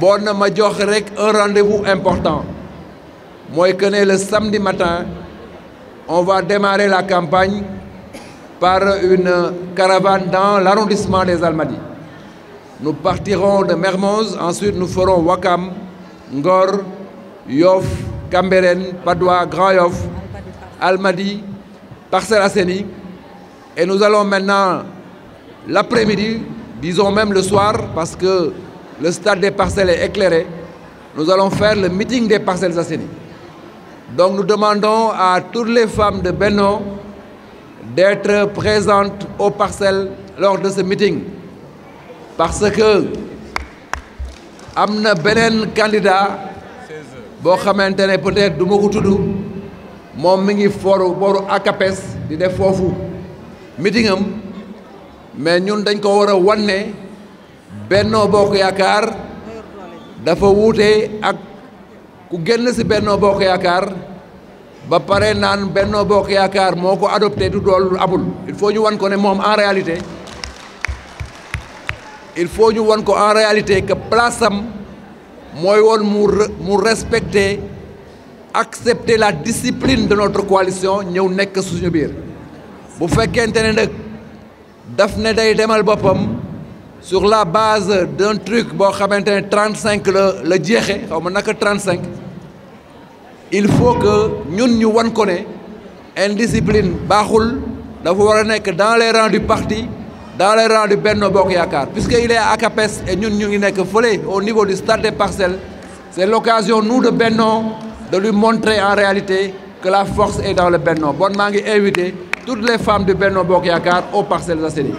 Bonne major, avec un rendez-vous important Moi, je connais le samedi matin on va démarrer la campagne par une caravane dans l'arrondissement des Almadies nous partirons de Mermoz ensuite nous ferons Wakam Ngor Yoff Kamberen, Padua, Grand Yoff Almadi, la et nous allons maintenant l'après-midi disons même le soir parce que le stade des parcelles est éclairé. Nous allons faire le meeting des parcelles assainies. Donc nous demandons à toutes les femmes de Beno d'être présentes aux parcelles lors de ce meeting. Parce que y benen un candidat qui xamante peut-être plus ma ko tudd mom mi ngi foru boru akapes di def Le meeting am mais nous dañ ko wara a bennoo bokk yaakaar dafa wuute ak ku génn ci bennoo bokk yaakaar ba pare naan bennoo bokk yaakaar moo ko adopté du dool amul il faut ñu wan ko ne moom en réalité il faut ñu wan ko en réalité que place am mooy woon mu mu respecter accepter la discipline de notre ñëw nekk suñu biir bu fekkente ne nag daf ne day demal boppam sur la base d'un truc 35 le le on 35 il faut que nous, nous une une discipline indiscipline dans les rangs du parti dans les rangs du Benno Bokyakar. Puisqu'il est à Capes et nous, nous sommes volés au niveau du stade des Parcelles c'est l'occasion nous de Benno de lui montrer en réalité que la force est dans le Benno Bonne mangue, invitez toutes les femmes du Benno Bokk aux Parcelles série.